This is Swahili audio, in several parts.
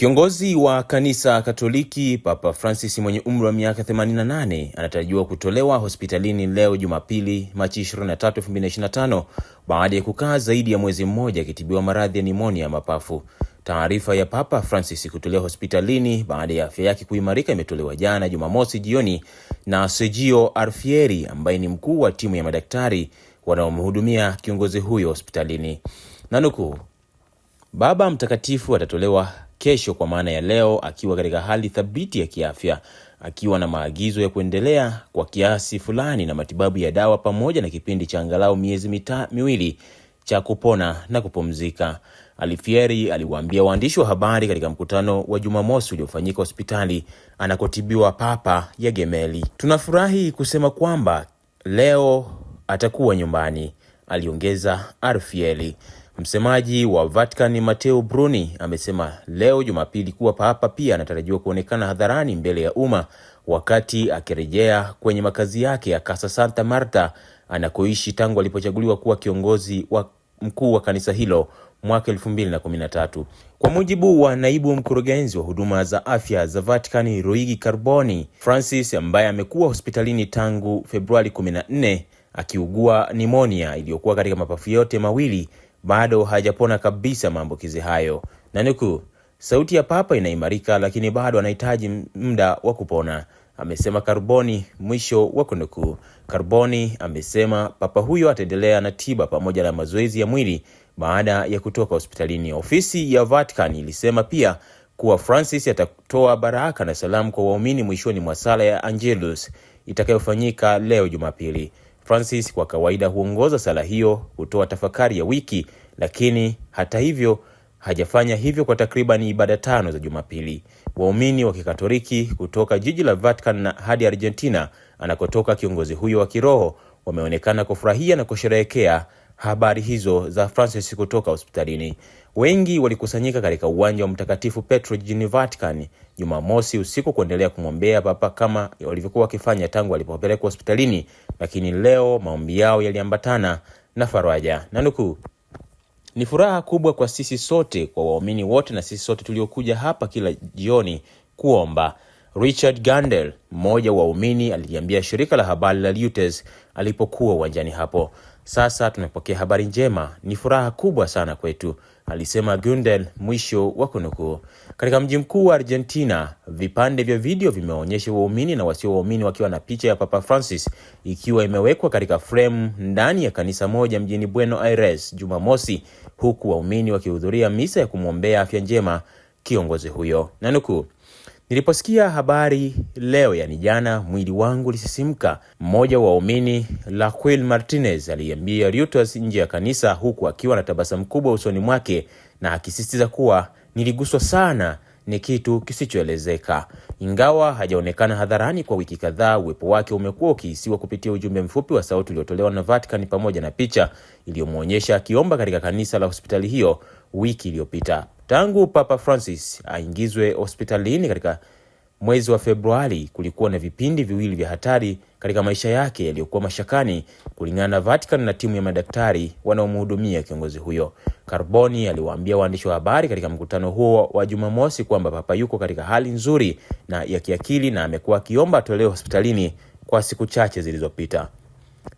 Kiongozi wa kanisa Katoliki Papa Francis mwenye umri wa miaka 88 anatarajiwa kutolewa hospitalini leo Jumapili, Machi 23, 2025 baada ya kukaa zaidi ya mwezi mmoja akitibiwa maradhi ya nimonia ya mapafu. Taarifa ya Papa Francis kutolewa hospitalini baada ya afya yake kuimarika imetolewa jana Jumamosi jioni na Sergio Alfieri ambaye ni mkuu wa timu ya madaktari wanaomhudumia kiongozi huyo hospitalini. Nanukuu, Baba Mtakatifu atatolewa kesho kwa maana ya leo, akiwa katika hali thabiti ya kiafya, akiwa na maagizo ya kuendelea kwa kiasi fulani na matibabu ya dawa pamoja na kipindi cha angalau miezi mita, miwili cha kupona na kupumzika. alifieri aliwaambia waandishi wa habari katika mkutano wa Jumamosi uliofanyika hospitali anakotibiwa Papa ya Gemeli. Tunafurahi kusema kwamba leo atakuwa nyumbani, aliongeza arfieli Msemaji wa Vatican Matteo Bruni amesema leo Jumapili kuwa Papa pia anatarajiwa kuonekana hadharani mbele ya umma wakati akirejea kwenye makazi yake ya Casa Santa Marta anakoishi tangu alipochaguliwa kuwa kiongozi wa mkuu wa kanisa hilo mwaka tatu. Kwa mujibu wa naibu mkurugenzi wa huduma za afya za Vatican, Luigi Carboni, Francis ambaye amekuwa hospitalini tangu Februari 14 akiugua nimonia iliyokuwa katika mapafu yote mawili bado hajapona kabisa maambukizi hayo, na nuku sauti ya papa inaimarika, lakini bado anahitaji muda wa kupona, amesema karboni mwisho wa kunukuu. karboni amesema papa huyo ataendelea na tiba pamoja na mazoezi ya mwili baada ya kutoka hospitalini. Ofisi ya Vatican ilisema pia kuwa Francis atatoa baraka na salamu kwa waumini mwishoni mwa sala ya Angelus itakayofanyika leo Jumapili. Francis kwa kawaida huongoza sala hiyo kutoa tafakari ya wiki, lakini hata hivyo hajafanya hivyo kwa takriban ibada tano za Jumapili. Waumini wa Kikatoliki kutoka jiji la Vatican na hadi Argentina anakotoka kiongozi huyo wa kiroho wameonekana kufurahia na kusherehekea habari hizo za Francis kutoka hospitalini. Wengi walikusanyika katika uwanja wa Mtakatifu Petro jijini Vatican Jumamosi usiku kuendelea kumwombea Papa kama walivyokuwa wakifanya tangu alipopelekwa hospitalini, lakini leo maombi yao yaliambatana na faraja na ni furaha kubwa kwa sisi sote, kwa waumini wote na sisi sote tuliokuja hapa kila jioni kuomba. Richard Gandel, mmoja wa waumini, aliambia shirika la habari la Reuters alipokuwa uwanjani hapo. Sasa tumepokea habari njema, ni furaha kubwa sana kwetu, alisema Gundel, mwisho wa kunukuu. Katika mji mkuu wa Argentina, vipande vya video vimeonyesha waumini na wasio waumini wakiwa na picha ya Papa Francis ikiwa imewekwa katika fremu ndani ya kanisa moja mjini bueno Aires Jumamosi, huku waumini wakihudhuria misa ya kumwombea afya njema kiongozi huyo, na nukuu Niliposikia habari leo, yani jana, mwili wangu ulisisimka, mmoja wa waumini Laquil Martinez aliambia Reuters nje ya kanisa, huku akiwa na tabasamu kubwa usoni mwake na akisisitiza kuwa niliguswa sana, ni kitu kisichoelezeka. Ingawa hajaonekana hadharani kwa wiki kadhaa, uwepo wake umekuwa ukihisiwa kupitia ujumbe mfupi wa sauti uliotolewa na Vatican pamoja na picha iliyomwonyesha akiomba katika kanisa la hospitali hiyo wiki iliyopita. Tangu Papa Francis aingizwe hospitalini katika mwezi wa Februari, kulikuwa na vipindi viwili vya hatari katika maisha yake yaliyokuwa mashakani, kulingana na Vatican na timu ya madaktari wanaomhudumia kiongozi huyo. Carboni aliwaambia waandishi wa habari katika mkutano huo wa Jumamosi kwamba Papa yuko katika hali nzuri na ya kiakili na amekuwa akiomba atolewe hospitalini kwa siku chache zilizopita.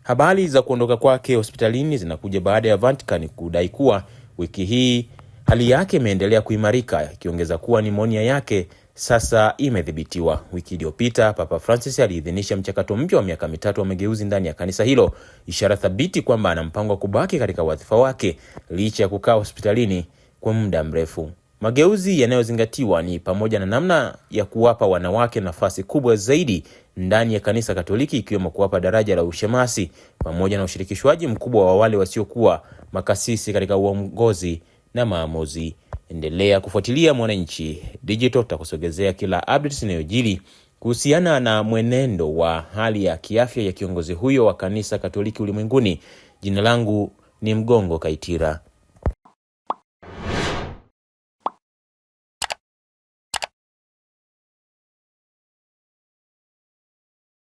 Habari za kuondoka kwake hospitalini zinakuja baada ya Vatican kudai kuwa wiki hii Hali yake imeendelea kuimarika, ikiongeza kuwa nimonia yake sasa imedhibitiwa. Wiki iliyopita Papa Francis aliidhinisha mchakato mpya wa miaka mitatu wa mageuzi ndani ya kanisa hilo, ishara thabiti kwamba ana mpango wa kubaki katika wadhifa wake licha ya kukaa hospitalini kwa muda mrefu. Mageuzi yanayozingatiwa ni pamoja na namna ya kuwapa wanawake nafasi kubwa zaidi ndani ya kanisa Katoliki, ikiwemo kuwapa daraja la ushemasi pamoja na ushirikishwaji mkubwa wa wale wasiokuwa makasisi katika uongozi na maamuzi. Endelea kufuatilia Mwananchi Digital, tutakusogezea kila updates inayojiri kuhusiana na mwenendo wa hali ya kiafya ya kiongozi huyo wa kanisa Katoliki ulimwenguni. Jina langu ni Mgongo Kaitira.